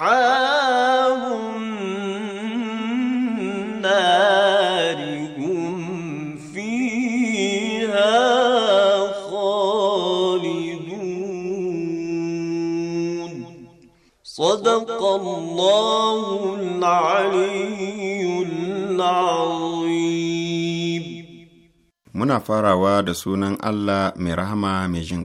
أصحاب النار هم فيها خالدون صدق الله العلي العظيم muna farawa da sunan Allah mai rahma, mai jin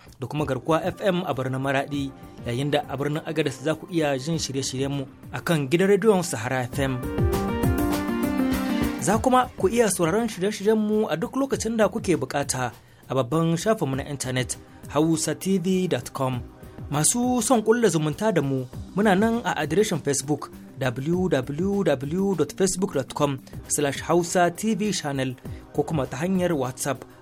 da kuma garkuwa FM a birnin Maradi yayin da a birnin Agadez za ku iya jin shirye-shiryenmu a kan gidan rediyon Sahara FM. Za kuma ku iya sauraron shirye-shiryenmu a duk lokacin da kuke bukata a babban shafinmu na intanet hausatv.com. Masu son kulla zumunta da mu muna nan a adireshin Facebook www.facebook.com/hausa tv channel ko kuma ta hanyar WhatsApp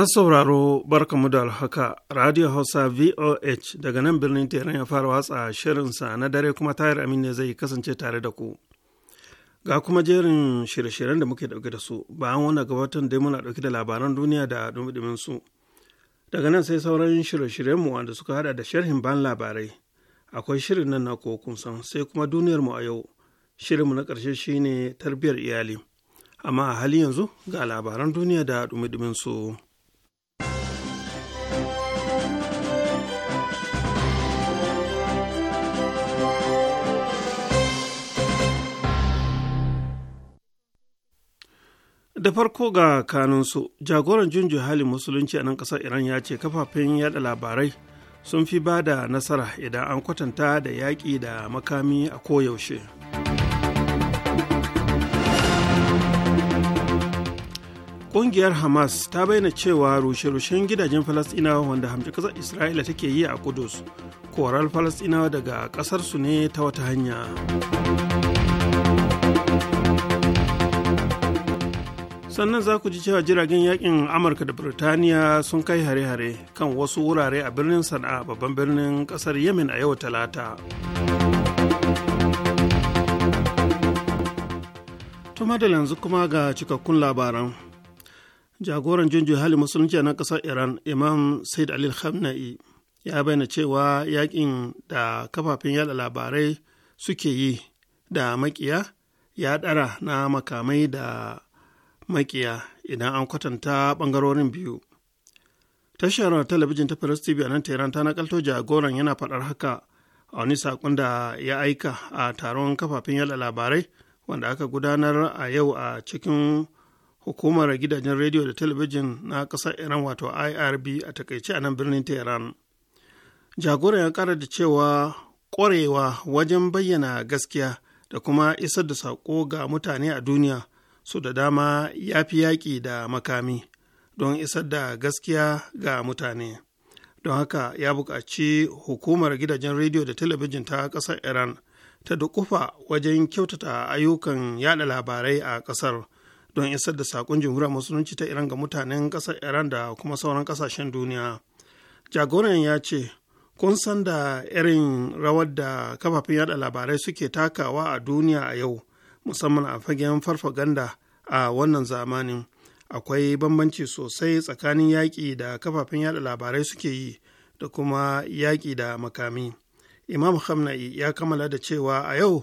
an sauraro mu da alhaka Radio Hausa VOH daga nan birnin Teran ya fara watsa shirinsa na dare kuma tayar amin ne zai kasance tare da ku. Ga kuma jerin shirye-shiryen da muke dauke da su bayan wanda gabatar da muna dauke da labaran duniya da dumi su. Daga nan sai sauran shirye-shiryenmu wanda suka hada da sharhin ban labarai. Akwai shirin nan na kokun sai kuma duniyar mu a yau. Shirinmu na karshe shine tarbiyar iyali. Amma a halin yanzu ga labaran duniya da dumi su. da farko ga kanunsu jagoran junju halin musulunci a nan kasar iran ya ce kafafen yada labarai sun fi ba da nasara idan an kwatanta da yaƙi da makami a koyaushe ƙungiyar hamas ta bayyana cewa rushe-rushen gidajen falasɗinawa wanda hamci ƙasar isra'ila take yi a kudus korar falasɗinawa daga ƙasarsu ne ta wata hanya sannan za ku ji cewa jiragen yakin amurka da birtaniya sun kai hare-hare kan wasu wurare a birnin sana'a babban birnin kasar yemen a yau talata to madal yanzu kuma ga cikakkun labaran jagoran junju hali musulunci na kasar iran imam said alil khamna'i ya bayyana cewa yakin da kafafen yada labarai suke yi da makiya ya dara na makamai da makiya idan an kwatanta ɓangarorin biyu. Tashar talabijin ta Firas a nan Tehran ta nakalto jagoran yana faɗar haka a wani saƙon da ya aika a taron kafafen yada labarai wanda aka gudanar a yau a cikin hukumar gidajen rediyo da talabijin na ƙasar Iran wato IRB a takaice a nan birnin Tehran. Jagoran ya kara da cewa ƙwarewa wajen bayyana gaskiya da kuma isar da saƙo ga mutane a duniya su da dama ya fi yaƙi da makami don isar da gaskiya ga mutane don haka ya buƙaci hukumar gidajen rediyo da talabijin ta ƙasar iran ta dukufa wajen kyautata ayyukan yada labarai a ƙasar don isar da saƙon jamhuriyar musulunci ta iran ga mutanen ƙasar iran da kuma sauran ƙasashen duniya jagoran ya ce kun san da irin rawar da kafafen yada labarai suke takawa a duniya a yau musamman a fagen farfaganda a wannan zamanin akwai bambanci sosai tsakanin yaƙi da kafafen yada labarai suke yi da kuma yaƙi da makami imam hamna'i ya kammala da cewa a yau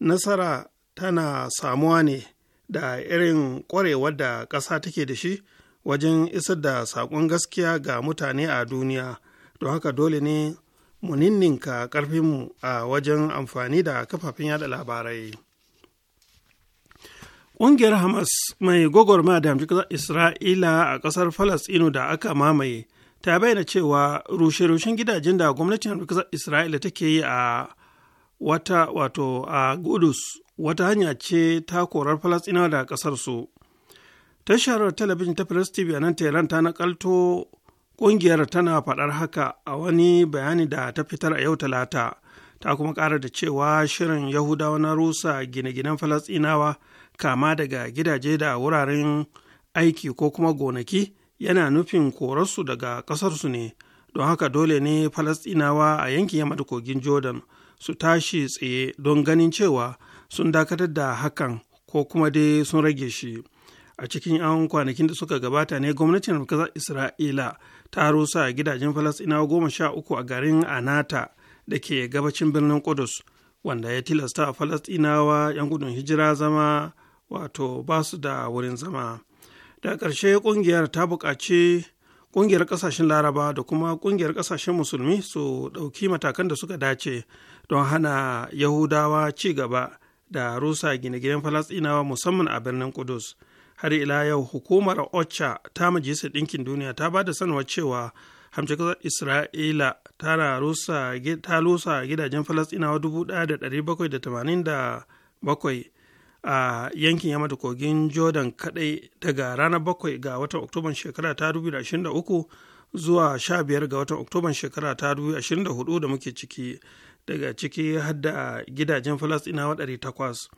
nasara tana samuwa ne da irin ƙwarewar da ƙasa take da shi wajen isar da saƙon gaskiya ga mutane a duniya don haka dole ne mu ninninka ƙarfinmu a wajen amfani da kafafen yada labarai Ƙungiyar Hamas mai gwagwarmaya da hamshin Isra'ila a ƙasar Falasɗinu da aka mamaye ta bayyana cewa rushe-rushen gidajen da gwamnatin hamshin Isra'ila take yi a wata wato a Gudus wata hanya ce ta korar Falasɗinawa da ƙasar su. Tashar talabijin ta Press TV a nan Tehran ta nakalto ƙungiyar tana faɗar haka a wani bayani da ta fitar a yau Talata. Ta kuma ƙara da cewa shirin Yahudawa na rusa gine-ginen Falasɗinawa kama daga gidaje da wuraren aiki ko kuma gonaki yana nufin korarsu daga ƙasarsu ne don haka dole ne Falasɗinawa a yankin yamma da kogin jordan su tashi tsaye don ganin cewa sun dakatar da hakan ko kuma dai sun rage shi a cikin 'yan kwanakin da suka gabata ne gwamnatin kasar isra'ila ta rusa gidajen falastinawa goma sha uku a garin anata da ke gabacin birnin kudus wanda ya tilasta Falasɗinawa 'yan gudun hijira zama wato ba su da wurin zama da ƙarshe ƙungiyar ta buƙaci ƙungiyar ƙasashen laraba da kuma ƙungiyar ƙasashen musulmi su ɗauki matakan da suka dace don hana yahudawa ci gaba da rusa gine-ginen falasɗinawa musamman a birnin kudus har ila yau hukumar ocha ta majalisar ɗinkin duniya ta ba da sanarwar cewa hamshe kasar isra'ila ta rusa gidajen falasɗinawa 1787 a yankin yamma da kogin jordan kadai daga ranar 7 ga watan oktoban shekara ta 2023 zuwa 15 ga watan oktoban shekara ta 2024 da muke ciki daga ciki hadda gidajen falasɗinawa 800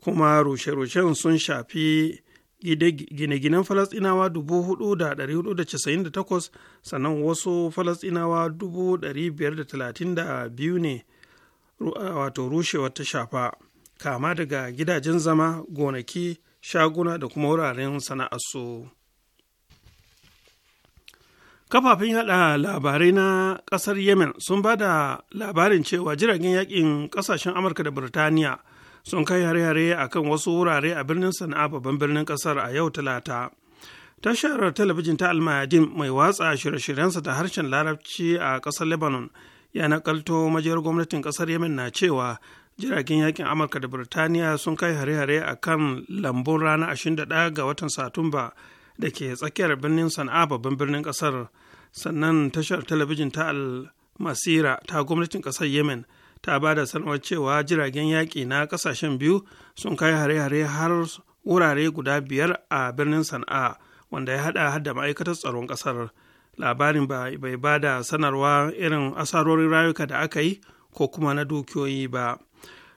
kuma rushe-rushen sun shafi gine-ginen falasɗinawa 4,498 sannan wasu falasɗinawa 532 ne wato rushewar ta shafa kama daga gidajen zama gonaki shaguna da kuma wuraren sana'arsu kafafen yada labarai na kasar yemen sun ba da labarin cewa jiragen yakin kasashen amurka da birtaniya sun kai hare-hare a kan wasu wurare a birnin sana'a babban birnin kasar a yau talata tashar talabijin ta almayadin mai watsa shirye-shiryensa ta harshen larabci a kasar lebanon ya nakalto majiyar gwamnatin kasar yemen na cewa jiragen yakin amurka da birtaniya sun kai hare-hare a kan lambun rana 21 ga watan satumba da ke tsakiyar birnin sana'a babban birnin kasar sannan tashar talabijin ta al-masira ta gwamnatin kasar yemen ta ba da sanarwar cewa jiragen yaƙi na ƙasashen biyu sun kai hare-hare har wurare guda biyar a birnin sana'a wanda ya haɗa da ma'aikatar tsaron ƙasar labarin bai ba da sanarwa irin asarorin rayuka da aka yi ko kuma na dukiyoyi ba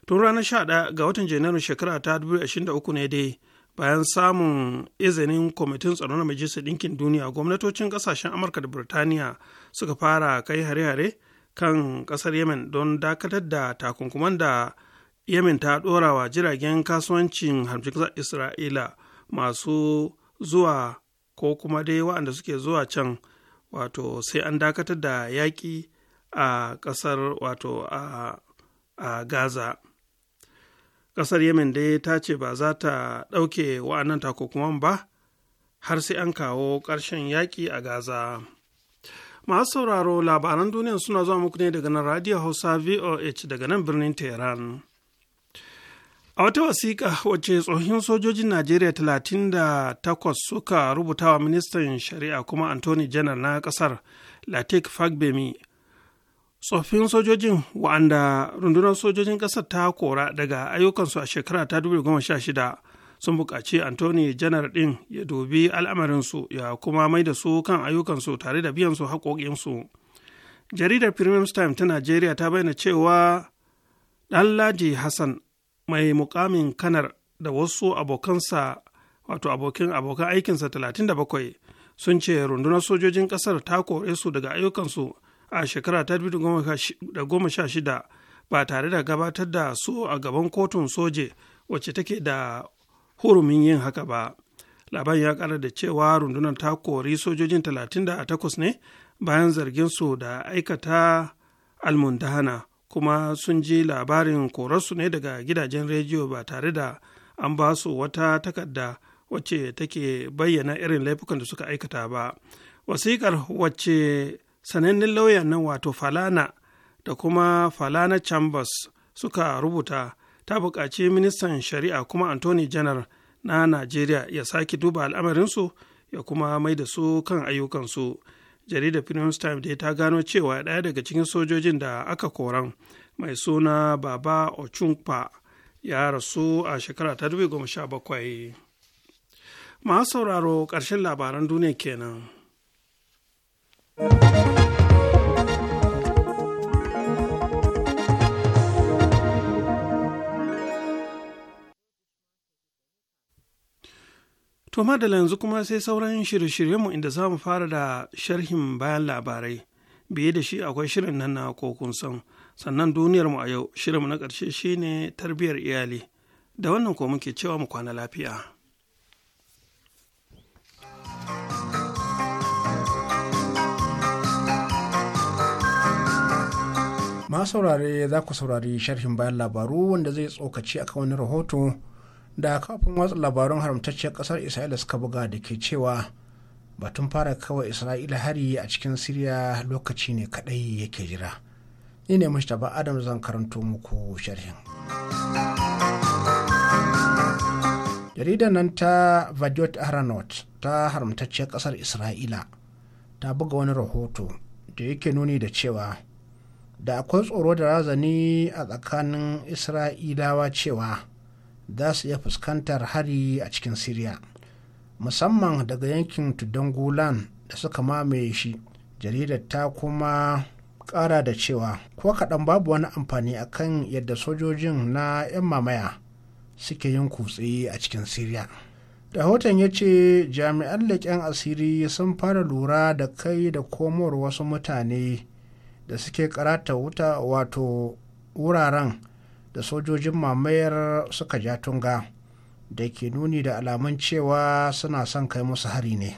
tun ranar 11 ga watan janairun shekara ta dubu uku ne dai bayan samun izinin kwamitin tsaro na majalisar ɗinkin duniya gwamnatocin ƙasashen amurka da birtaniya suka fara kai hare-hare kan ƙasar yemen don dakatar da takunkuman da yemen ta ɗora jiragen kasuwancin hamshin isra'ila masu zuwa ko kuma dai waɗanda suke zuwa can wato sai an dakatar da yaƙi a ƙasar wato a gaza Kasar yemen dai ta ce ba za ta ɗauke wa'annan takunkuman ba har sai an kawo ƙarshen yaƙi a gaza masu sauraro labaran duniya suna zuwa muku ne daga nan radio hausa voh daga nan birnin tehran a wata wasiƙa wacce tsohon sojojin najeriya 38 suka rubuta wa ministan shari'a kuma antony janar na ƙasar latik fagbemi tsoffin sojojin wa'anda rundunar sojojin ƙasar ta kora daga ayyukansu a shekara ta 2016 sun buƙaci Antoni janar ɗin ya dubi al'amarinsu ya kuma mai da su kan ayyukansu tare da biyan su haƙoƙinsu jaridar premium time ta najeriya ta bayyana cewa laji hassan mai mukamin kanar da wasu abokansa wato abokin abokan aikinsa 37 sun ce rundunar sojojin ƙasar ta kore su daga ayyukansu a shekara ta goma sha shida ba tare da gabatar da su a gaban kotun soje wacce take da hurumin yin haka ba labarin ya kara da cewa rundunar ta kori sojojin talatin da takwas ne bayan zargin su da aikata almundahana kuma sun ji labarin korarsu ne daga gidajen rediyo ba tare da an ba su wata takarda wacce take bayyana irin laifukan da suka aikata ba wasikar wacce sanannen lauyan nan wato falana da kuma falana chambers suka rubuta ta buƙaci ministan shari'a kuma anthony janar na najeriya ya sake duba al'amarinsu ya kuma mai da su kan ayyukansu jaridar finance time dai ta gano cewa ɗaya daga cikin sojojin da aka koran mai suna baba ochunpa ya rasu a shekara ta 2017 masu sauraro ƙarshen labaran duniya kenan. To madala yanzu kuma sai sauran shirye-shiryenmu inda za mu fara da sharhin bayan labarai, biye da shi akwai shirin nan na kokun san, sannan duniyarmu a yau shirinmu na ƙarshe shine tarbiyar iyali, da wannan ko muke cewa mu kwana lafiya. ma saurare za ku saurari sharhin bayan labaru wanda zai tsokaci akan wani rahoto da kafin watsa labarun haramtacciyar kasar isra'ila suka buga da ke cewa batun fara kawai isra'ila hari a cikin siriya lokaci ne kadai yake jira ni ne mustapha adam zan karanto muku sharhin jaridar nan ta vadiot aranot ta haramtacciyar kasar isra'ila ta buga wani rahoto da yake nuni da cewa da akwai tsoro da razani a tsakanin isra'ilawa cewa za su iya fuskantar hari a cikin siriya musamman daga yankin tuddan golan da suka mamaye shi jaridar ta kuma kara da cewa ko kaɗan babu wani amfani akan yadda sojojin na 'yan mamaya suke yin kutse a cikin siriya rahoton ya ce jami'an leƙen asiri sun fara lura da kai da komowar wasu mutane da suke karata wuta wato wuraren da sojojin mamayar suka ja tunga da ke nuni da alamun cewa suna son kai musu hari ne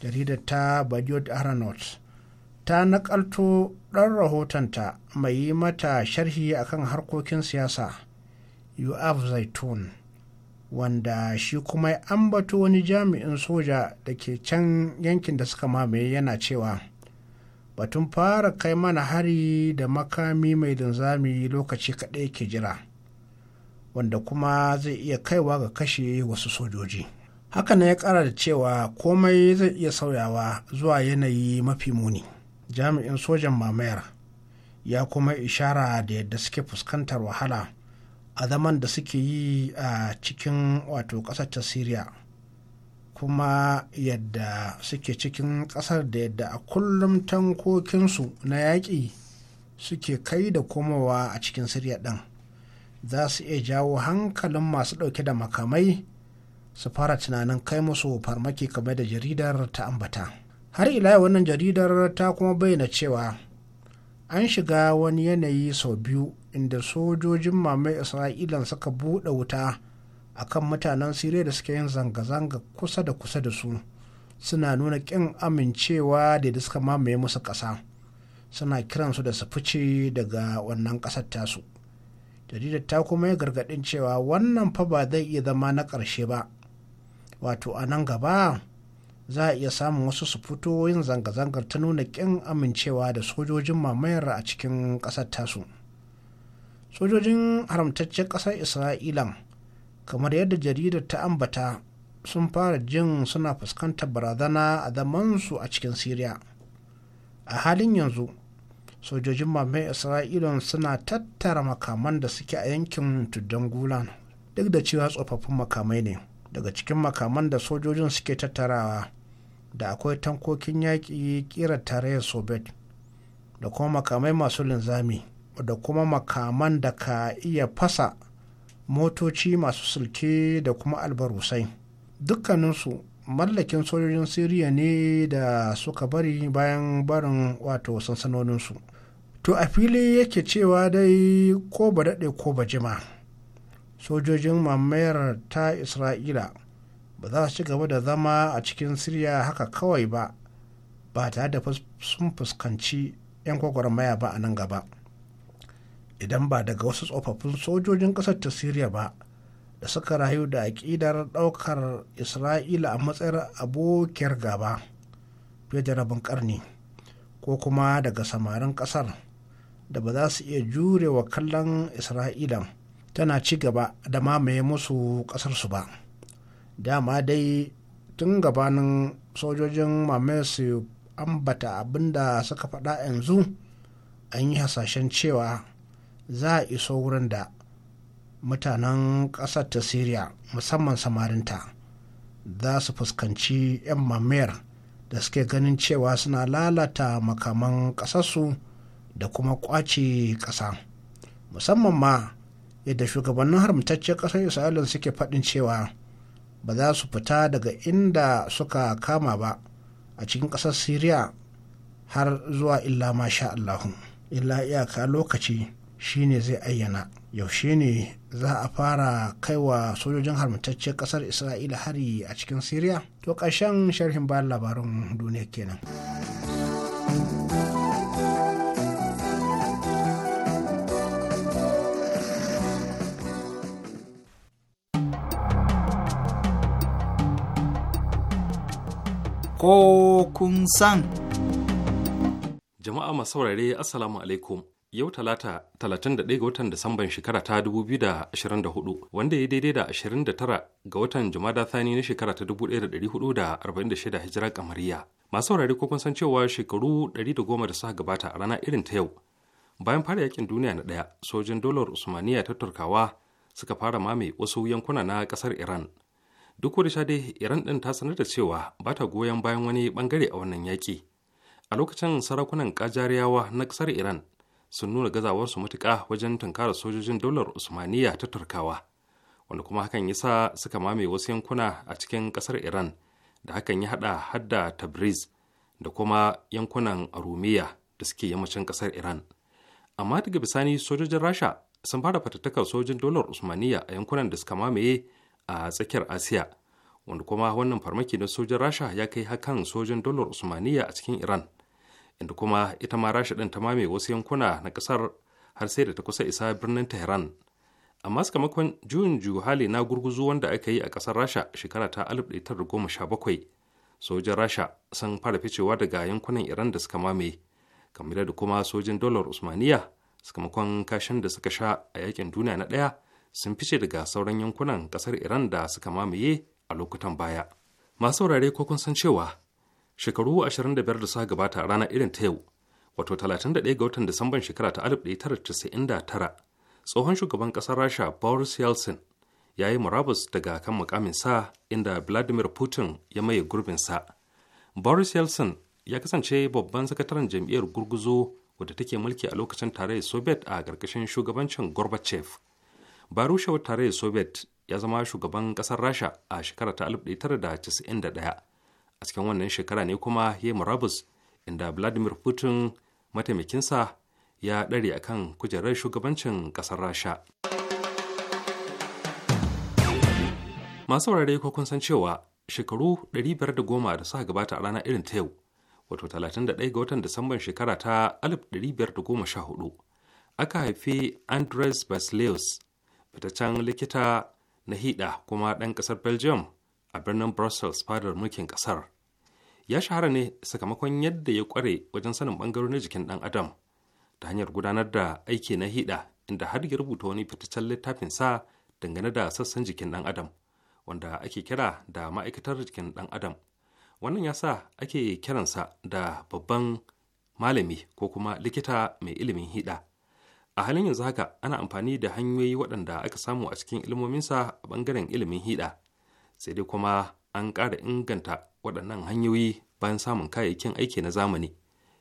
jaridar ta badiot aranot ta nakalto ɗan rahotonta mai yi mata sharhi akan harkokin siyasa yu'af zaitun wanda shi kuma ambato wani jami'in soja da ke can yankin da suka mamaye yana cewa batun fara kai mana hari da makami mai linzami lokaci kaɗai ke jira wanda kuma zai iya kaiwa ga kashe wasu sojoji Haka hakan ya ƙara da cewa komai zai iya sauyawa zuwa yanayi mafi muni jami'in sojan mamayar ya kuma ishara da yadda suke fuskantar wahala a zaman da suke yi a cikin wato ƙasar ta Siriya. kuma yadda suke cikin ƙasar da yadda a kullum tankokinsu na yaƙi suke kai da komowa a cikin sirya ɗin za su iya jawo hankalin masu ɗauke da makamai su fara tunanin kai musu farmaki kamar da jaridar ta ambata har ila wannan jaridar ta kuma bayyana cewa an shiga wani yanayi sau biyu inda sojojin mamaye isra'ilan suka buɗe wuta akan mutanen siriya da suke yin zanga-zanga kusa da kusa da su suna nuna ƙin amincewa da da suka mamaye musu ƙasa suna kiransu da su fice daga wannan ƙasar tasu jaridar ta kuma yi gargaɗin cewa wannan fa ba zai iya zama na ƙarshe ba wato a nan gaba za a iya samun wasu su fito yin zanga-zangar ta nuna ƙin amincewa da sojojin mamayar a cikin ƙasar tasu sojojin haramtaccen ƙasar isra'ilan kamar yadda jaridar ta ambata sun fara jin suna fuskantar barazana a zamansu a cikin Siriya. a halin yanzu sojojin mamayin isra'ilun suna tattara makaman da suke a yankin tuddan gulan duk da cewa tsofaffin makamai ne daga cikin makaman da sojojin suke tattarawa da akwai tankokin yaƙi ƙira tarayyar soviet da kuma makamai masu linzami da kuma makaman da ka iya fasa motoci masu sulke da kuma albarusai dukkaninsu mallakin sojojin siriya ne da suka bari bayan barin wato sansanoninsu to a fili yake cewa dai ko ba daɗe ko ba jima sojojin mamayar ta isra'ila ba za su ci gaba da zama a cikin siriya haka kawai ba ba tare da sun fuskanci 'yan maya ba a nan gaba idan ba daga wasu tsofaffin sojojin ƙasar ta siriya ba da suka rayu da aƙidar ɗaukar isra'ila a matsayin abokiyar gaba fiye da rabin ƙarni ko kuma daga samarin ƙasar da ba za su iya jure wa kallon isra'ila tana ci gaba da mamaye musu ƙasarsu ba dama dai tun gabanin sojojin mamaye su ambata abinda suka faɗa yanzu an yi hasashen cewa za a iso wurin da mutanen ƙasar ta Siriya, musamman samarinta za su fuskanci 'yan mamayar da suke ganin cewa suna lalata makaman ƙasarsu da kuma ƙwace ƙasa musamman ma yadda shugabannin haramtaccen ƙasar isra'ila suke faɗin cewa ba za su fita daga inda suka kama ba a cikin ƙasar Siriya, har zuwa illa masha allahu illa iyaka lokaci Shi ne zai ayyana yaushe ne za a fara kaiwa sojojin harmitacciyar kasar isra'ila hari a cikin Siriya? to ƙarshen sharhin bayan labarin duniya kenan ko kun san jama'a masu saurare assalamu alaikum Yau Talata 31 ga watan Disamban shekara ta 2024 wanda ya daidai da 29 ga watan Jumada Thani na shekara ta 1446 hijira kamariya. Masu wurare ko kun san cewa shekaru 110 da suka gabata a rana irin ta yau. Bayan fara yakin duniya na ɗaya, sojin dolar Usmaniyya ta Turkawa suka fara mame wasu yankuna na ƙasar Iran. Duk da sha dai Iran ɗin ta sanar da cewa ba ta goyon bayan wani bangare a wannan yaƙi. A lokacin sarakunan Kajariyawa na ƙasar Iran sun nuna gazawarsu matuƙa wajen tunkarar sojojin daular usmaniya ta turkawa wanda kuma hakan ya sa suka mame wasu yankuna a cikin ƙasar iran da hakan ya haɗa hadda tabriz da kuma yankunan arumiya da suke yammacin ƙasar iran amma daga bisani sojojin rasha sun fara fatattakar sojin dolar usmaniya a yankunan da suka mamaye a tsakiyar asiya wanda kuma wannan farmaki na sojin rasha ya kai hakan sojin dolar usmaniya a cikin iran inda kuma ita ma rasha ɗin ta mame wasu yankuna na ƙasar har sai da ta kusa isa birnin tehran amma sakamakon juyin hali na gurguzu wanda aka yi a ƙasar rasha shekara ta 1917 sojan rasha sun fara ficewa daga yankunan iran da suka mame kamar da kuma sojin dolar usmaniya sakamakon kashin da suka sha a yakin duniya na ɗaya sun fice daga sauran yankunan ƙasar iran da suka mamaye a lokutan baya masu saurare ko kun san cewa shekaru 25 da suka gabata a rana irin ta yau wato 31 ga watan disamban shekara ta 1999 tsohon shugaban kasar rasha boris yeltsin ya yi murabus daga kan mukamin sa inda vladimir putin ya maye gurbin sa boris yeltsin ya kasance babban sakataren jam'iyyar gurguzo wadda take mulki a lokacin tarayyar soviet a ƙarƙashin shugabancin gorbachev barushewar tarayyar soviet ya zama shugaban kasar rasha a shekara ta 1991 a cikin wannan shekara ne kuma ya murabus inda vladimir putin mataimakinsa ya ɗare kan kujerar shugabancin ƙasar rasha masu wurare ko kun san cewa shekaru 510 da suka gabata a ranar irin ta yau wato 31 ga watan disamban shekara ta 1514 aka haifi andres basileus fitaccen likita na hida kuma ɗan ƙasar belgium a birnin brussels fadar mulkin kasar ya shahara ne sakamakon yadda ya kware wajen sanin na jikin ɗan adam ta hanyar gudanar da aiki na hida inda har ya rubuta wani fitaccen littafin sa dangane da sassan jikin dan adam wanda ake kira da ma'aikatar jikin ɗan adam wannan ya sa ake kiransa da babban malami ko kuma likita mai ilimin hida a halin yanzu haka ana amfani da hanyoyi waɗanda aka samu a cikin ilmominsa a ɓangaren ilimin hida sai dai kuma an ƙara inganta waɗannan hanyoyi bayan samun kayayyakin aiki na zamani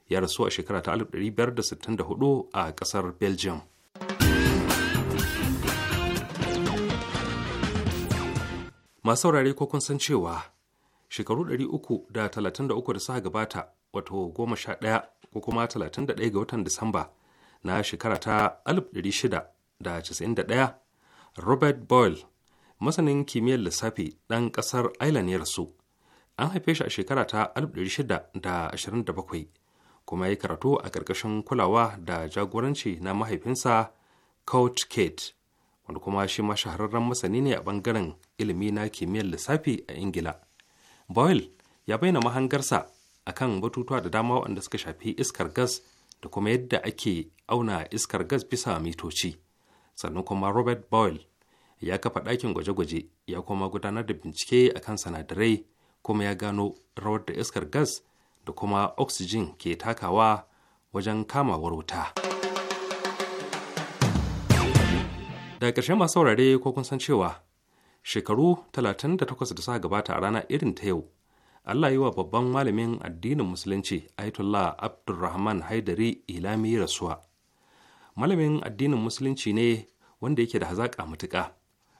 ya rasu a shekara ta 1564 a ƙasar belgium masu saurare ko kun san cewa shekaru 333 da suka gabata wato 11 ko kuma 31 ga watan disamba na shekara ta 1691 robert boyle masanin kimiyyar lissafi ɗan ƙasar Ireland ya rasu. An haife shi a shekara ta 1627 kuma ya karatu a ƙarƙashin kulawa da jagoranci na mahaifinsa Coach Kate, wanda kuma shi ma shahararren masani ne a ɓangaren ilimi na kimiyyar lissafi a Ingila. Boyle ya bayyana mahangarsa a kan batutuwa da dama waɗanda suka shafi iskar gas da kuma yadda ake auna iskar gas bisa mitoci. Sannan kuma Robert Boyle ya kafa ɗakin gwaje-gwaje ya kuma gudanar da bincike a kan sinadarai kuma ya gano rawar da iskar gas da kuma oxygen ke takawa wajen kamawar wuta. Daga ƙarshe masu saurare ko kun san cewa shekaru 38 da suka gabata a rana irin ta yau, Allah yi wa babban malamin addinin Musulunci Ayatollah Abdulrahman Haidari Ilami rasuwa. Malamin addinin Musulunci ne wanda yake da hazaƙa matuƙa.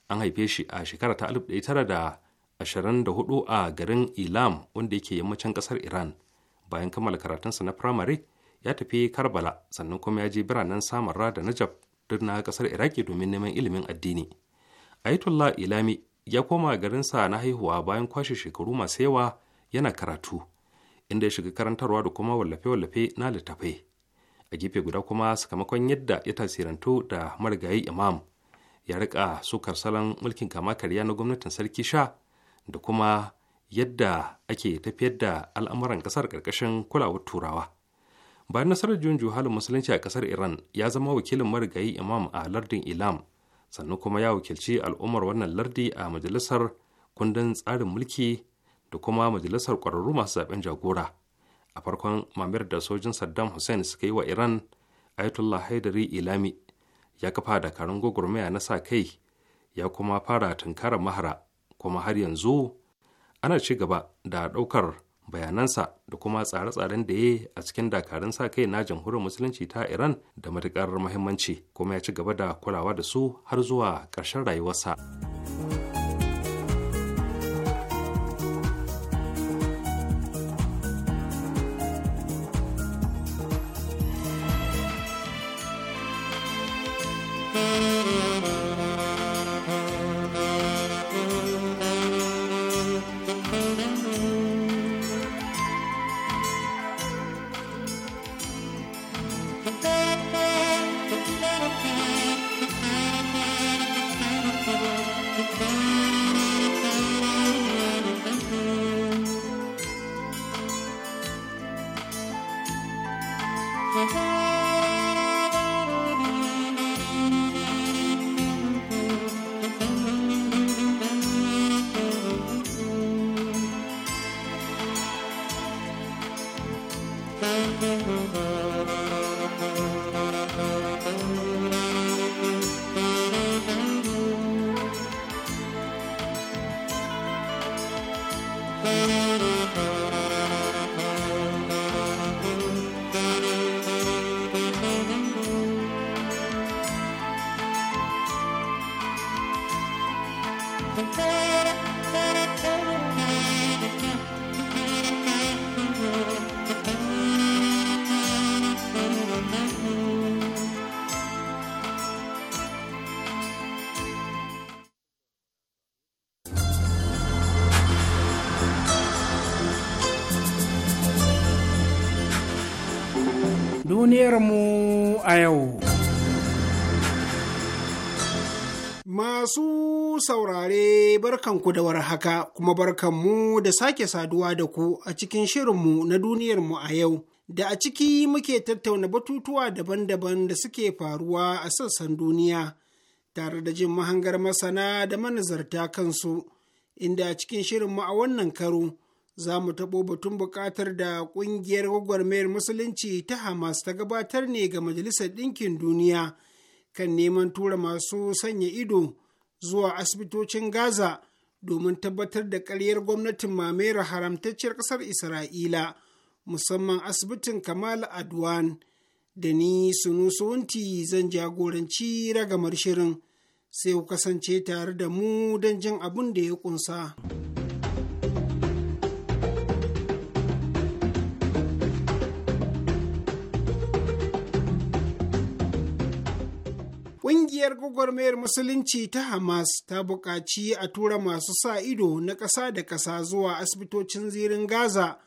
an haife shi a shekara ta 1924 a garin ilam wanda yake yammacin kasar iran bayan kammala karatunsa na firamare ya tafi karbala sannan kuma ya je biranen samarra da najab duk na kasar iraki domin neman ilimin addini ayatollah ilami ya koma garinsa na haihuwa bayan kwashe shekaru masu yawa yana karatu inda ya shiga karantarwa da kuma wallafe-wallafe na littafai a gefe guda kuma sakamakon yadda ya tasirantu da marigayi imam ya rika sukar salon mulkin kama karya na gwamnatin sarki sha da kuma yadda ake tafiyar da al'amuran kasar karkashin kulawar turawa bayan nasarar jun juhalin musulunci a kasar iran ya zama wakilin marigayi imam a lardin ilam sannan kuma ya wakilci al'ummar wannan lardi a majalisar kundin tsarin mulki da kuma majalisar ƙwararru masu zaben jagora a farkon mamayar da sojin saddam hussein suka yi wa iran ayatollah haidari ilami ya kafa dakarun gwagwarmaya na sa kai ya kuma fara tunkarar mahara kuma har yanzu ana ci gaba da ɗaukar bayanansa da kuma tsare-tsaren da ya a cikin dakarun sa kai na jamhuriyar musulunci ta iran da matuƙar muhimmanci kuma ya ci gaba da kulawa da su har zuwa ƙarshen rayuwarsa. Duniyarmu a yau. Masu saurare barkanku da haka, kuma barkanmu da sake saduwa da ku a cikin shirinmu na duniyarmu a yau. Da a ciki muke tattauna batutuwa daban-daban da suke faruwa a sassan duniya, tare da jin mahangar masana da manazarta kansu, inda a cikin shirinmu a wannan karo. za mu taɓo batun buƙatar da ƙungiyar gwagwarmayar musulunci ta hamas ta gabatar ne ga majalisar ɗinkin duniya kan neman tura masu sanya ido zuwa asibitocin gaza domin tabbatar da ƙaryar gwamnatin mamayar haramtacciyar ƙasar isra'ila musamman asibitin kamal adwan da ni wunti zan jagoranci ragamar shirin sai ku kasance tare da mu don jin abin da ya ƙunsa. Ƙungiyar gwagwarmayar Musulunci ta Hamas ta buƙaci a tura masu sa ido na ƙasa da ƙasa zuwa asibitocin zirin Gaza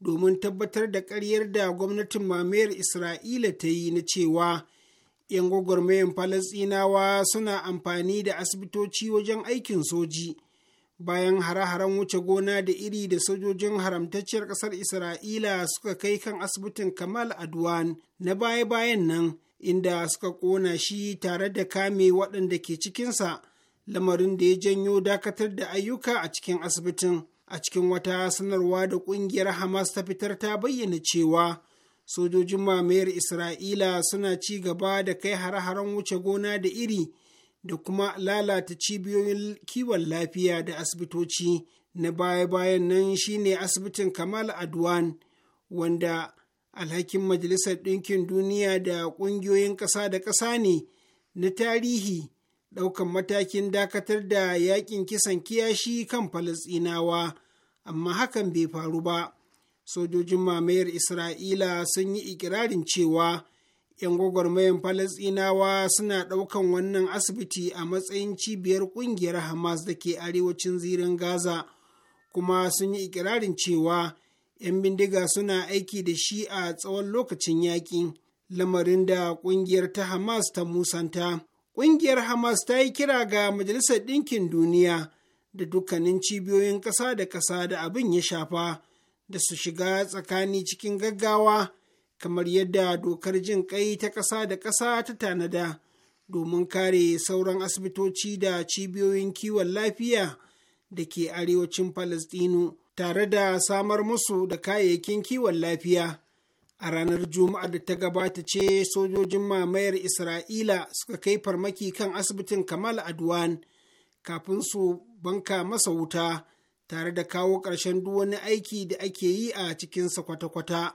domin tabbatar da ƙaryar da gwamnatin mamayar Isra'ila ta yi na cewa ‘yan gwagwarmayar Falasɗinawa suna amfani da asibitoci wajen aikin soji. Bayan hare-haren wuce gona da iri da sojojin haramtacciyar ƙasar Isra'ila suka kai kan asibitin Kamal Adwan na baya-bayan nan. inda suka ƙona shi tare da kame waɗanda ke cikinsa lamarin da ya janyo dakatar da ayyuka a cikin asibitin a cikin wata sanarwa da ƙungiyar hamas ta fitar ta bayyana cewa sojojin mamayar isra'ila suna ci gaba da kai har haren wuce gona da iri da kuma lalata cibiyoyin kiwon lafiya da asibitoci na baya-bayan nan shine asibitin kamal adwan wanda alhakin majalisar ɗinkin duniya da ƙungiyoyin ƙasa da ƙasa ne na tarihi ɗaukan matakin dakatar da yaƙin kisan kiyashi kan falasɗinawa amma hakan bai faru ba sojojin mamayar isra'ila sun yi ikirarin cewa 'yan gwagwarmayan falasɗinawa suna ɗaukan wannan asibiti a matsayin cibiyar ƙungiyar hamas da ke arewacin zirin gaza kuma sun yi ikirarin cewa ‘yan bindiga suna aiki da shi a tsawon lokacin yaƙi, lamarin da ƙungiyar ta Hamas ta musanta. Ƙungiyar Hamas ta yi kira ga Majalisar Ɗinkin Duniya da dukkanin cibiyoyin ƙasa da ƙasa da abin ya shafa da su shiga tsakani cikin gaggawa kamar yadda dokar jin ƙai ta ƙasa da ƙasa ta tanada domin kare sauran asibitoci da cibiyoyin kiwon lafiya da ke arewacin Falasɗinu. tare da samar musu da kayayyakin kiwon lafiya a ranar juma'a da ta gabata ce sojojin mamayar isra'ila suka kai farmaki kan asibitin kamal adwan kafin su banka masa wuta tare da kawo ƙarshen duk wani aiki da ake yi a cikinsa kwata-kwata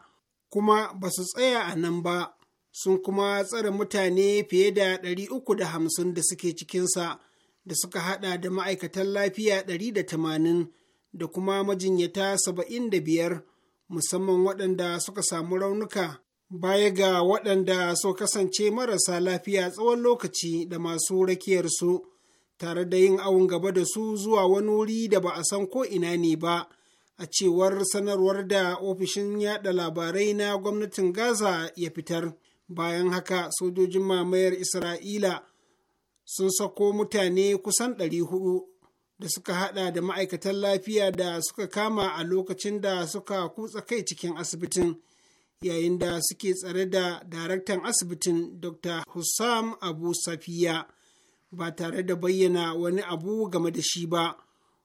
kuma ba su tsaya a nan ba sun kuma tsare mutane fiye da ɗari uku da hamsin da suke cikinsa da suka hada da ma'aikatan lafiya ɗari da tamanin. da kuma majinyata saba'in da biyar musamman waɗanda suka samu raunuka baya ga waɗanda suka kasance marasa lafiya tsawon lokaci da masu rakiyarsu tare da yin awon gaba da su zuwa wani wuri da ba a san ko ina ne ba a cewar sanarwar da ofishin yada labarai na gwamnatin gaza ya fitar bayan haka sojojin mamayar isra'ila sun sako mutane kusan 400 da suka hada da ma'aikatan lafiya da suka kama a lokacin da suka kutsa kai cikin asibitin yayin da suke tsare da daraktan asibitin dr hussam abu safiya ba tare da bayyana wani abu game da shi ba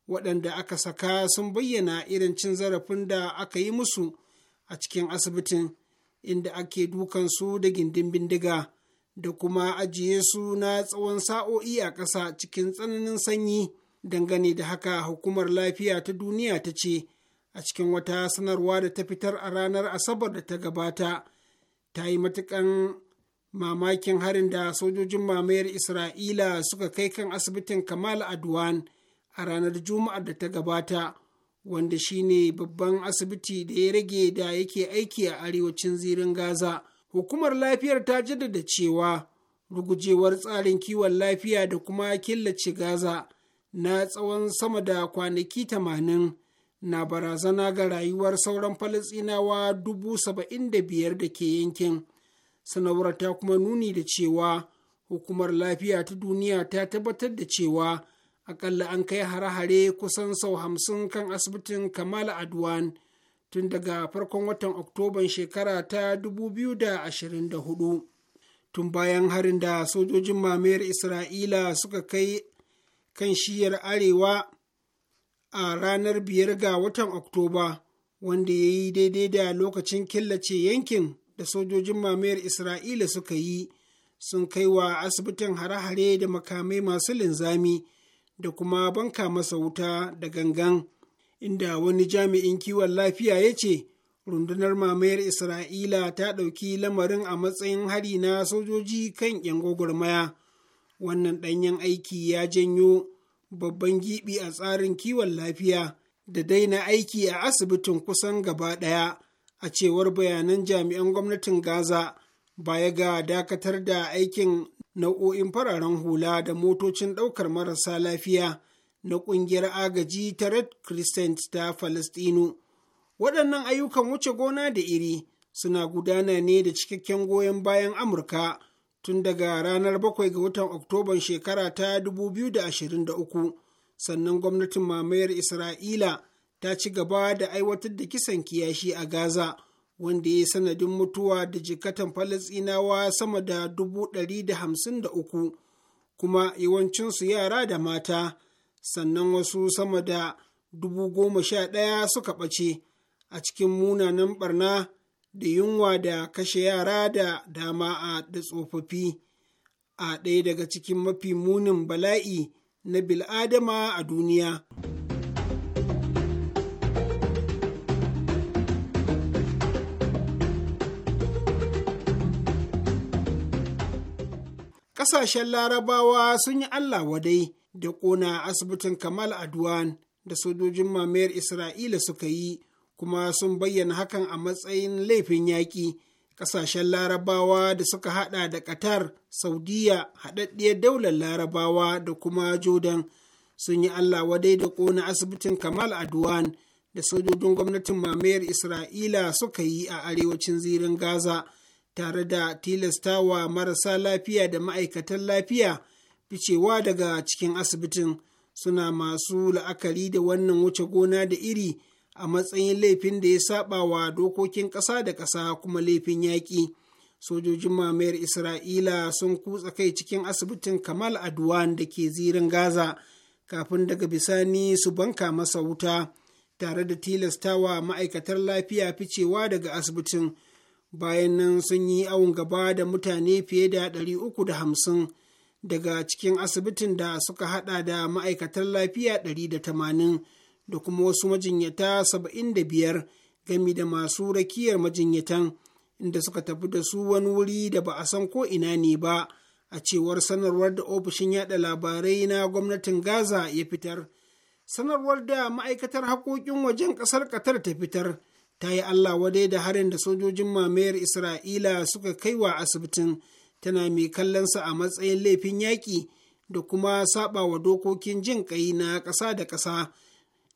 waɗanda aka saka sun bayyana irin cin zarafin da aka yi musu a cikin asibitin inda ake dukansu da gindin bindiga da kuma ajiye su na tsawon sa'o'i a ƙasa cikin tsananin sanyi. dangane da haka hukumar lafiya ta duniya ta ce a cikin wata sanarwa da ta fitar a ranar asabar da ta gabata ta yi matukan mamakin harin da sojojin mamayar isra'ila suka kai kan asibitin kamal adwan a ranar juma'ar da ta gabata wanda shine babban asibiti da ya rage da yake aiki a arewacin zirin gaza hukumar lafiyar ta jaddada cewa rugujewar tsarin kiwon lafiya da kuma killace gaza na tsawon sama da kwanaki tamanin na barazana ga rayuwar sauran falasinawa dubu saba'in da biyar da ke yankin sanarwar ta kuma nuni da cewa hukumar lafiya ta duniya ta tabbatar da cewa akalla an kai hare-hare kusan sau hamsin kan asibitin kamal adwan tun daga farkon watan oktoban shekara ta da da ashirin hudu. tun bayan harin da sojojin mamayar isra'ila suka kai kan shiyar arewa a ranar biyar ga watan Oktoba, wanda ya yi daidai da lokacin killace yankin da sojojin mamayar Isra'ila suka yi, sun kai wa asibitin hare-hare da makamai masu linzami da kuma banka masa wuta da gangan, inda wani jami'in kiwon lafiya ya ce, rundunar mamayar Isra'ila ta ɗauki lamarin a matsayin hari na sojoji kan 'yan gwagwarmaya. wannan ɗanyen aiki ya janyo babban giɓi a tsarin kiwon lafiya da daina aiki a asibitin kusan gaba ɗaya a cewar bayanan jami'an gwamnatin gaza baya ga dakatar da aikin nau'o'in fararen hula da motocin ɗaukar marasa lafiya na ƙungiyar agaji ta red crescent ta falastinu waɗannan ayyukan wuce gona da iri suna gudana ne da cikakken goyon bayan amurka tun daga ranar 7 ga watan Oktoban shekara ta 2023, sannan gwamnatin mamayar Isra'ila ta ci gaba da aiwatar da kisan kiyashi a Gaza, wanda ya yi sanadin mutuwa da jikatan Falasɗinawa sama da 153, kuma yawancinsu yara da mata, sannan wasu sama da 11,000 suka ɓace a cikin munanan ɓarna. da yunwa da kashe yara da dama a da tsofaffi a ɗaya daga cikin mafi munin bala'i na bil'adama a duniya. Ƙasashen larabawa sun yi Allah wadai da ƙona asibitin Kamal Adwan da sojojin mamayar Isra'ila suka yi kuma sun bayyana hakan a matsayin laifin yaƙi ƙasashen larabawa da suka haɗa da qatar saudiya haɗaɗɗiyar daular larabawa da kuma jordan sun yi allah wadai da ƙona asibitin kamal adwan da sojojin gwamnatin mamayar isra'ila suka yi a arewacin zirin gaza tare da tilastawa marasa lafiya da ma'aikatan lafiya ficewa daga cikin asibitin suna masu la'akari da wannan wuce gona da iri a matsayin laifin da ya saba wa dokokin ƙasa da ƙasa kuma laifin yaƙi sojojin mamayar isra'ila sun kutsa kai cikin asibitin kamal adwan da ke zirin gaza kafin daga bisani su banka masa wuta tare da tilastawa ma'aikatar lafiya ficewa daga asibitin bayan nan sun yi awon gaba da mutane fiye da 350 daga cikin asibitin da suka hada da ma'aikatar lafiya 180 da kuma wasu majinyata saba'in da biyar gami da masu rakiyar majinyatan inda suka tafi da su wani wuri da ba a san ko ina ne ba a cewar sanarwar da ofishin yada labarai na gwamnatin gaza ya fitar sanarwar da ma'aikatar haƙoƙin wajen ƙasar ƙatar ta fitar ta yi allah wadai da harin da sojojin mamayar isra'ila suka kai wa asibitin tana mai kallon sa a matsayin laifin yaƙi da kuma saɓa wa dokokin jin ƙai na ƙasa da ƙasa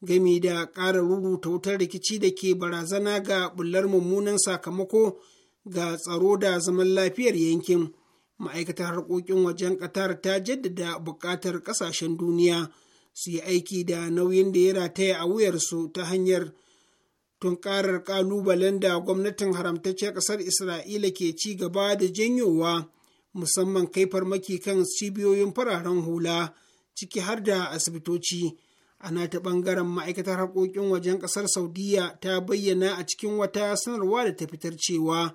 gami da ƙara rubuta wutar rikici da ke barazana ga bullar mummunan sakamako ga tsaro da zaman lafiyar yankin ma'aikatar harkokin wajen qatar ta jaddada buƙatar ƙasashen duniya su yi aiki da nauyin da ya rataya a wuyarsu ta hanyar tunkarar ƙalubalen da gwamnatin haramtacciyar ƙasar isra'ila ke ci gaba da janyowa musamman kai farmaki kan cibiyoyin fararen hula ciki har da asibitoci ana ta ɓangaren ma'aikatar harkokin wajen ƙasar saudiya ta bayyana a cikin wata sanarwa da ta fitar cewa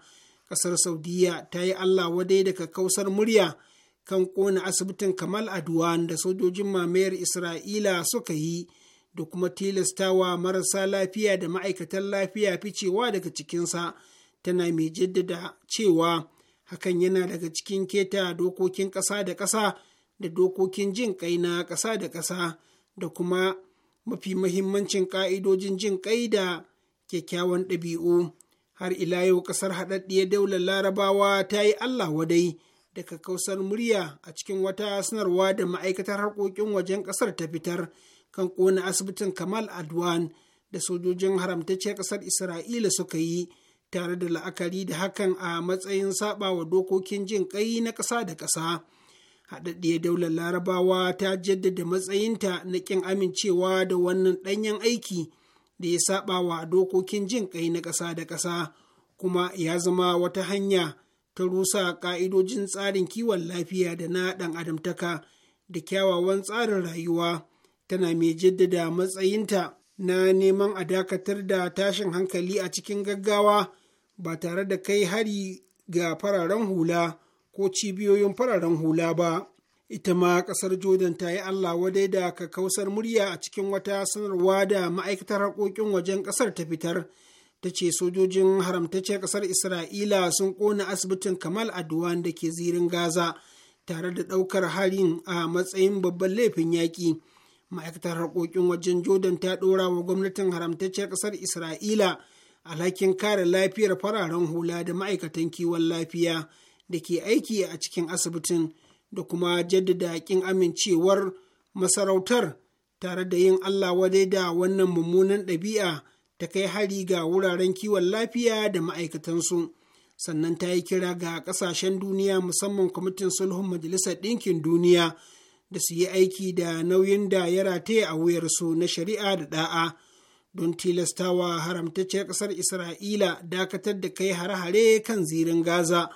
ƙasar saudiya ta yi allah wadai daga kausar murya kan ƙona asibitin kamal adwan da sojojin mamayar isra'ila suka yi da kuma tilastawa marasa lafiya da ma'aikatan lafiya ficewa daga cikinsa tana mai jaddada cewa hakan yana daga cikin keta dokokin ƙasa da ƙasa da dokokin jin ƙai na ƙasa da ƙasa da kuma mafi mahimmancin ƙa'idojin jin ƙai da kyakkyawan ɗabi'u har ila yau ƙasar haɗaɗɗiyar daular larabawa ta yi allah wadai Daga kausar murya a cikin wata sanarwa da ma'aikatar harkokin wajen ƙasar ta fitar kan ƙona asibitin kamal adwan da sojojin haramtacciyar ƙasar isra'ila suka yi tare da la'akari da hakan a matsayin saɓawa dokokin jin ƙai na ƙasa da ƙasa. haɗaɗɗiyar daular larabawa ta jaddada matsayinta na ƙin amincewa da wannan ɗanyen aiki da ya saba wa dokokin jin ƙai na ƙasa da ƙasa kuma ya zama wata hanya ta rusa ƙa'idojin tsarin kiwon lafiya da na ɗan adamtaka da kyawawan tsarin rayuwa tana mai jaddada matsayinta na neman a dakatar da tashin hankali a cikin gaggawa ba tare da kai hari ga fararen hula ko cibiyoyin fararen hula ba ita ma ƙasar jordan ta yi allah wadai da kausar murya a cikin wata sanarwa da ma'aikatar harkokin wajen ƙasar ta fitar ta ce sojojin haramtacce ƙasar isra'ila sun ƙona asibitin kamal adwan da ke zirin gaza tare da ɗaukar harin a matsayin babban laifin yaƙi ma'aikatar harkokin wajen jordan ta ɗora wa gwamnatin haramtacce ƙasar isra'ila alhakin kare lafiyar fararen hula da ma'aikatan kiwon lafiya da ke aiki a cikin asibitin da kuma jaddada ƙin amincewar masarautar tare da yin Allah wadai da wannan mummunan ɗabi'a ta kai hari ga wuraren kiwon lafiya da ma'aikatansu. Sannan ta yi kira ga ƙasashen duniya musamman kwamitin sulhun Majalisar Ɗinkin Duniya da su yi aiki da nauyin da ya rataye a wuyarsu na shari'a da ɗa'a don tilastawa haramtacciyar ƙasar Isra'ila dakatar da kai hare-hare kan zirin Gaza.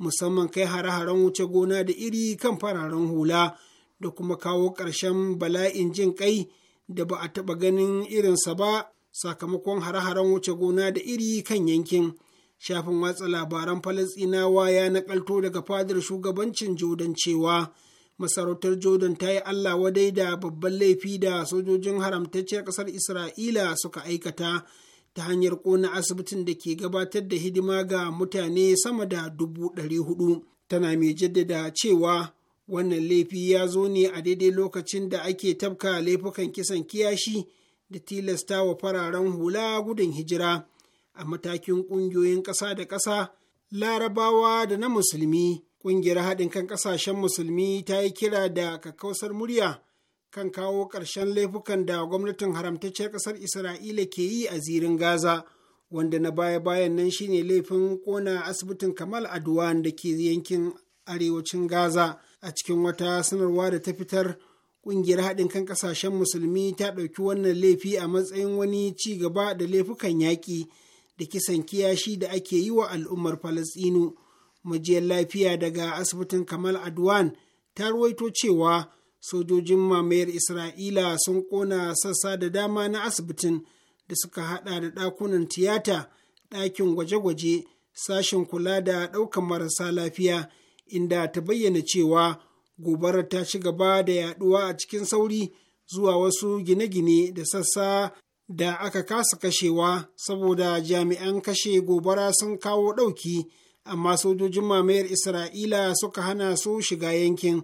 musamman kai hare-haren wuce gona da iri kan fararen hula da kuma kawo ƙarshen bala'in jin kai da ba a taɓa ganin irinsa ba sakamakon hare-haren wuce gona da iri kan yankin. Shafin watsa labaran Falasɗinawa ya nakalto daga fadar shugabancin Jordan cewa masarautar Jordan ta yi Allah wadai da babban laifi da sojojin haramtacciyar ƙasar Isra'ila suka aikata. ta hanyar kona asibitin da ke gabatar da hidima ga mutane sama da dubu ɗari hudu tana mai jaddada cewa wannan laifi ya zo ne a daidai lokacin da ake tabka laifukan kisan kiyashi da tilasta wa fararen hula gudun hijira a matakin ƙungiyoyin ƙasa da ƙasa larabawa da na musulmi ƙungiyar haɗin kan ƙasashen musulmi ta yi kira da kakkausar murya kan kawo ƙarshen laifukan da gwamnatin haramtacciyar ƙasar isra'ila ke yi a zirin gaza wanda na baya-bayan nan shine laifin ƙona asibitin kamal adwan da ke yankin arewacin gaza a cikin wata sanarwa da ta fitar ƙungiyar haɗin kan ƙasashen musulmi ta ɗauki wannan laifi a matsayin wani ci gaba da laifukan yaƙi da kisan kiyashi da ake yi wa al'ummar falastinu Mujiyar lafiya daga asibitin kamal adwan ta ruwaito cewa sojojin mamayar isra'ila sun ƙona sassa da dama na asibitin da suka haɗa da ɗakunan tiyata ɗakin gwaje-gwaje sashen kula da ɗaukar marasa lafiya inda ta bayyana cewa gobarar ta ci gaba da yaɗuwa a cikin sauri zuwa wasu gine-gine da sassa da aka kasa kashewa saboda jami'an kashe gobara sun kawo ɗauki amma sojojin mamayar isra'ila suka hana su shiga yankin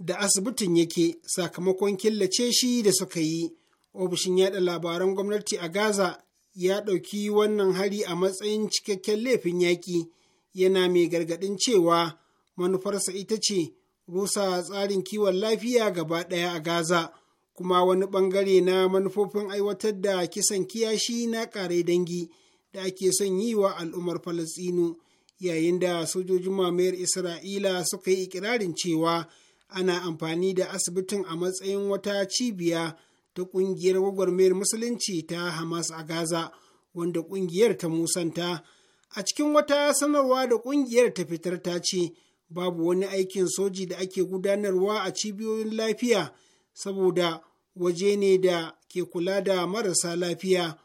da asibitin yake sakamakon killace shi da suka yi ofishin yaɗa labaran gwamnati a gaza ya ɗauki wannan hari a matsayin cikakken laifin yaƙi yana mai gargaɗin cewa manufarsa ita ce rusa tsarin kiwon lafiya gaba ɗaya a gaza kuma wani ɓangare na manufofin aiwatar da kisan kiyashi na ƙare dangi da ake son yi wa al'ummar falastinu yayin da sojojin mamayar isra'ila suka yi ikirarin cewa ana amfani da asibitin a matsayin wata cibiya ta ƙungiyar gwagwarmayar musulunci ta hamas a gaza wanda ƙungiyar ta musanta a cikin wata sanarwa da ƙungiyar ta fitar ta ce babu wani aikin soji da ake gudanarwa a cibiyoyin lafiya saboda waje ne da ke kula da marasa lafiya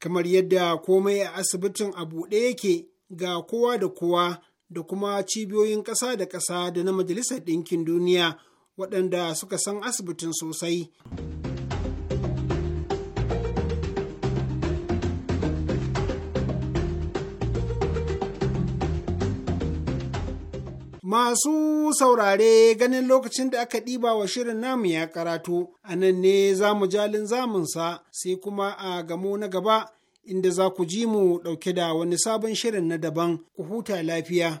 kamar yadda komai a asibitin a buɗe yake ga kowa da kowa da kuma cibiyoyin ƙasa da ƙasa da na Majalisar Ɗinkin Duniya waɗanda suka san asibitin sosai. Masu saurare ganin lokacin da aka ɗiba wa shirin namu ya karatu, a nan ne za mu jalin zamunsa sai kuma a gamo na gaba inda za ku ji mu ɗauke da wani sabon shirin na daban ku huta lafiya.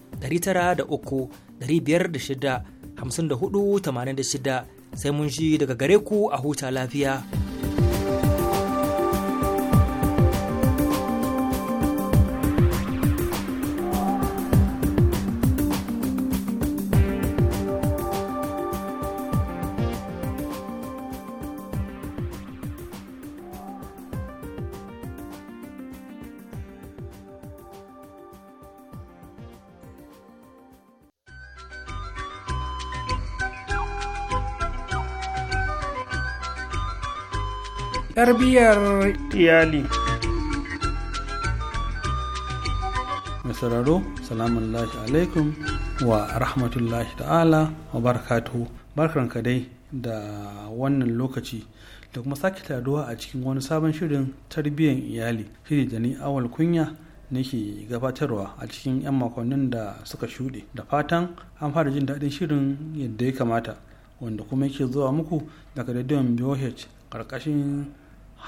shida sai mun ji daga gare ku a huta lafiya. tarbiyyar iyali mai sauraro salamun lahi alaikum wa rahmatullahi ta'ala wa barakatu barkanka dai da wannan lokaci da kuma sake taruwa a cikin wani sabon shirin tarbiyyar iyali shiri da ni awal kunya nake gabatarwa a cikin 'yan makonnin da suka shuɗe da fatan an fara jin daɗin shirin yadda ya kamata wanda kuma yake zuwa muku daga rediyon bioh ƙarƙashin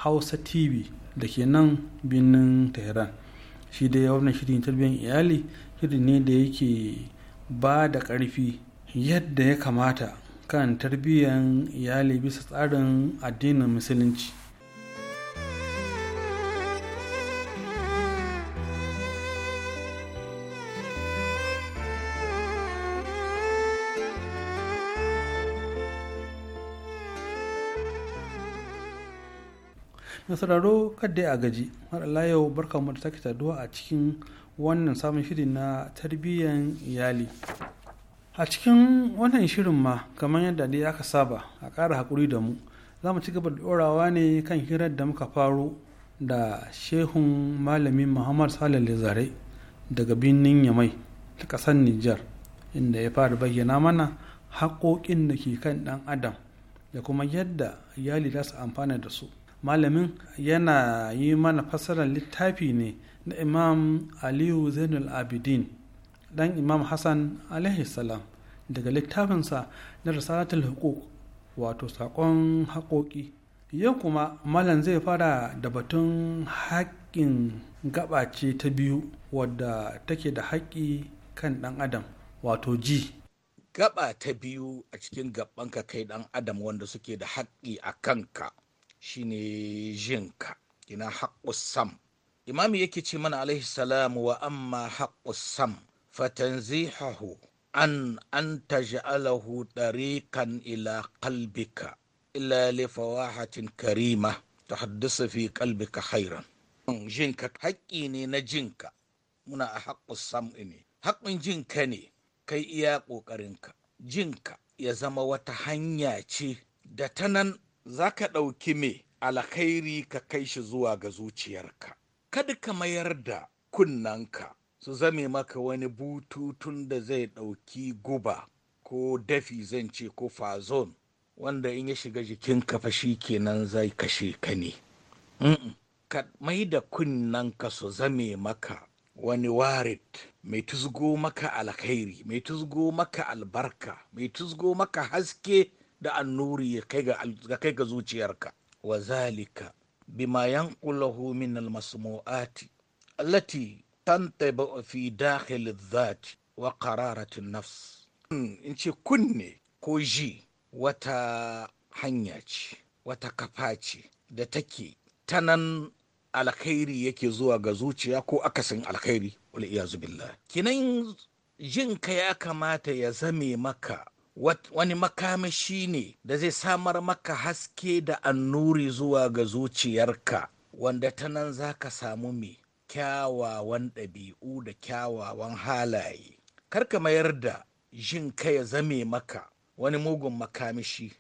hausa tv da ke nan birnin tehran shi dai wannan shirin tarbiyyar iyali shiri ne da yake ba da ƙarfi yadda ya kamata kan tarbiyyar iyali bisa tsarin addinin musulunci na kaddai kadai a gaji har Allah yau barka mu da take duwa a cikin wannan samun shirin na tarbiyyan iyali a cikin wannan shirin ma kamar yadda dai aka saba a ƙara haƙuri da mu za mu ci gaba da ɗorawa ne kan hirar da muka faru da shehun malamin muhammad salih zare daga birnin yamai ta ƙasar nijar inda ya fara bayyana mana haƙoƙin da ke kan ɗan adam da kuma yadda iyali za su amfana da su malamin yana yi mana fasarar littafi ne na imam aliyu zainul abidin dan imam hassan alaihi salam daga littafinsa na risalatul hukuk wato sakon haƙoƙi yau kuma malam zai fara da batun haƙƙin gabace ta biyu wadda take da haƙƙi kan ɗan adam wato ji gaba ta biyu a cikin gabanka kai ɗan adam wanda suke da haƙƙi a kanka shine jinka ina haƙƙus sam imami yake ce mana alaihi salam wa amma haƙƙus sam fatanzihahu an an taj'alahu tariqan ila qalbika illa li fawahatin karima tahaddasa fi qalbika khairan jinka haƙƙi ne na jinka muna a haƙƙus sam ne haƙƙin jinka ne kai iya ƙoƙarinka jinka ya zama wata hanya ce da ta nan za ka ɗauki me alkhairi ka kai shi zuwa ga zuciyarka kada ka mayar da kunnanka su zame maka wani bututun da zai ɗauki guba ko dafi zan ce ko fazon wanda in ya shiga jikin kafa shi kenan zai kashe ka ne ka mai da kunnanka su zame maka wani warit mai tuzgo maka alkhairi mai tuzgo maka albarka mai tuzgo maka haske da annuri ya kai ga zuciyarka wa zalika bima yanqulahu min almasmu'ati allati tantaba fi dakhil adh wa qararati nafs hmm, in ce kunne ko ji wata hanya ce wata kafa ce da take tanan alkhairi yake zuwa ga zuciya ko akasin alkhairi wal iyazu billah kinan jinka ya kamata ya zame maka wani makamashi ne da zai samar maka haske da annuri zuwa ga zuciyarka wanda ta nan za ka samu mai kyawawan ɗabi'u da kyawawan halaye karka mayar da jin ka ya zame maka wani mugun makamashi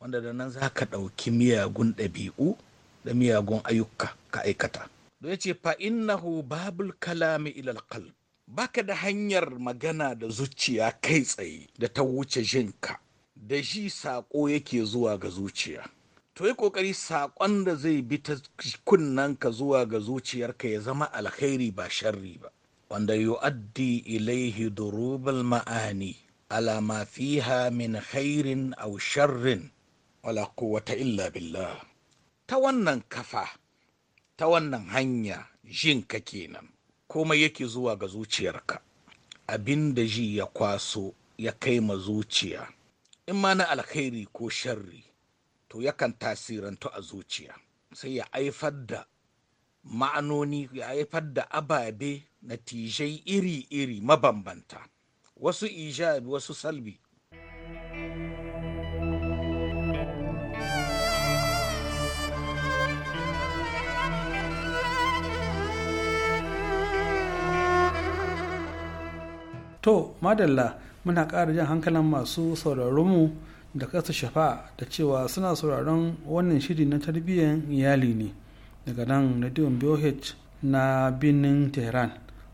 wanda da nan za ka ɗauki miyagun ɗabi'u da miyagun ayyuka ka aikata da ya ce fa'innahu babul kalami ilal qalb baka da hanyar magana da zuciya kai tsaye da ta wuce jinka da shi saƙo yake zuwa ga zuciya to yi ƙoƙari saƙon da zai bi ta kunnanka zuwa ga zuciyarka ya zama alkhairi ba sharri ba wanda yu'addi ilaihi durubal ma'ani ala fiha min khairin aw sharrin wala quwwata illa billah ta wannan kafa ta wannan hanya jinka kenan komai yake zuwa ga zuciyarka abin da ji ya kwaso ya kai ma zuciya in ma na alkhairi ko sharri to yakan tasirantu a zuciya sai ya aifar da ma'anoni ya haifar da ababe natijai iri-iri mabambanta wasu ijabi wasu salbi to madalla muna ƙara jan hankalin masu sauraronmu da kasa shafa da cewa suna sauraron wannan shiri na tarbiyyar iyali ne daga nan radiyon BOH na birnin Tehran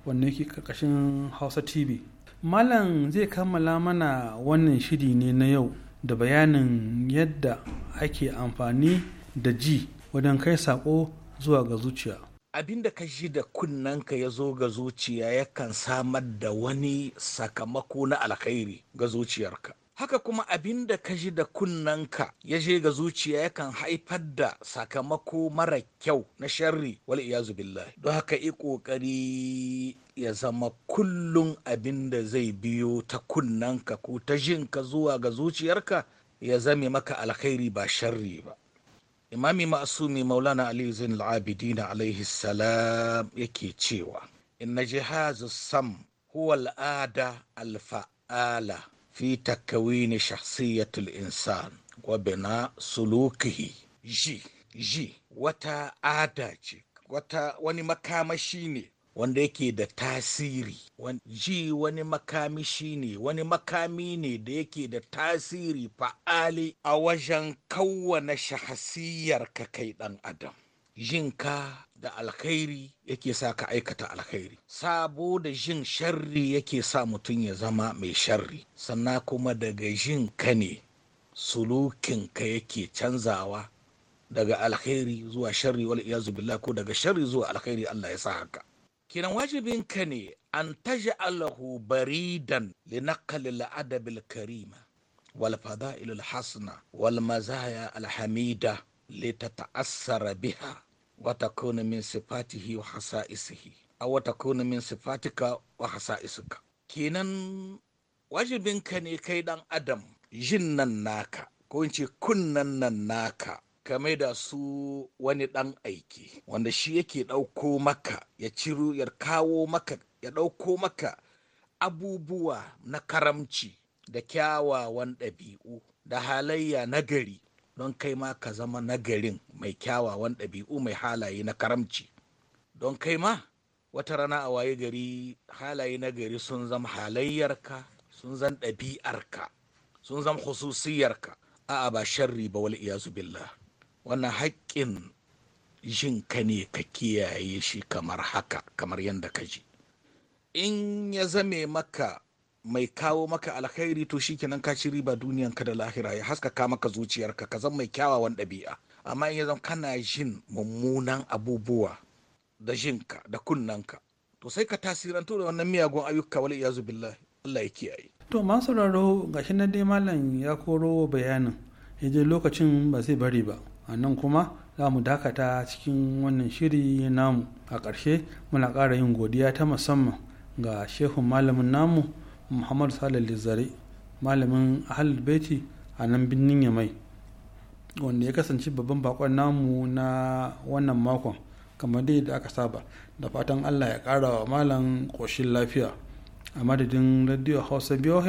wanda yake karkashin Hausa TV. Malam zai kammala mana wannan shiri ne na yau da bayanin yadda ake amfani da ji wajen kai sako zuwa ga zuciya. abinda ka ji da kunnanka ya zo ga zuciya yakan samar da wani sakamako na alkhairi ga zuciyarka haka kuma abinda da ka ji da kunnanka ya je ga zuciya yakan haifar da sakamako mara kyau na sharri wal iyazu billahi don haka yi kokari ya zama kullum abinda zai biyo ta kunnanka ko ta jinka zuwa ga zuciyarka ya zame maka alkhairi ba sharri ba imami ma'asumi maulana ali zain al'abidina alaihi salam yake cewa inna jihazu sam huwa al'ada alfa'ala fi takawini shahsiyatul insan wa bina sulukihi ji ji wata ada ce wata wani makamashi ne wanda yake da tasiri ji wani makami shi ne wani makami ne da yake da tasiri fa'ali a wajen kawana shahasiyar ka kai ɗan adam jinka da alkhairi yake sa ka aikata alkhairi Saboda jin sharri yake sa mutum ya zama mai sharri sannan kuma daga jin ka ne sulukin ka yake canzawa daga alkhairi zuwa sharri wal billah ko daga sharri zuwa alkhairi Allah ya sa haka kiran wajibinka ne an taje allahu baridan linakalil adabil karima wal fada'il hasna wal mazaya alhamida litata'assara biha Wata takuna min sifatihi wa hasa'isihi aw takuna min sifatika wa hasa'isika kenan wajibinka ne kai dan adam Jinnan naka ko in ce kunnan nan naka ka da su wani ɗan aiki wanda shi yake ɗauko maka ya ciro ya kawo maka ya ɗauko maka abubuwa na karamci da kyawawan ɗabi'u da halayya nagari don kai ma ka zama nagarin mai kyawawan ɗabi'u mai halaye na karamci don kai ma wata rana a waye gari halaye nagari sun zama halayyarka sun zan ɗabi'arka sun zama hususiyarka a'a ba sharri ba wal iyazu billah wannan haƙƙin jin ka ne ka kiyaye shi kamar haka kamar yadda ka ji in ya zame maka mai kawo maka alkhairi to kenan ka ci riba ka da lahira ya haskaka maka zuciyarka ka zan mai kyawawan ɗabi'a amma in ya zan kana jin mummunan abubuwa da jinka da kunnanka to sai ka tasirantu da wannan miyagun ayyuka wal iyazu billahi Allah ya kiyaye to ma sauraro gashi na dai malam ya koro bayanin yaje lokacin ba zai bari ba a nan kuma za mu dakata cikin wannan shiri namu a ƙarshe muna ƙara yin godiya ta musamman ga shehun malamin namu muhammadu salil lizare malamin ahalul beti a nan birnin yamai wanda ya kasance babban bakon namu na wannan makon kamar dai da aka saba da fatan allah ya ƙara wa malam ƙoshin lafiya a madadin radio hausa boh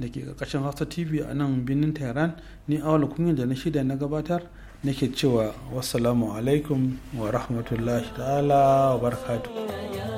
da ke ƙarƙashin hausa tv a nan birnin tehran ni awal kunya da na shida na gabatar nake cewa wassalamu alaikum wa rahmatullahi ta'ala wa barakatuh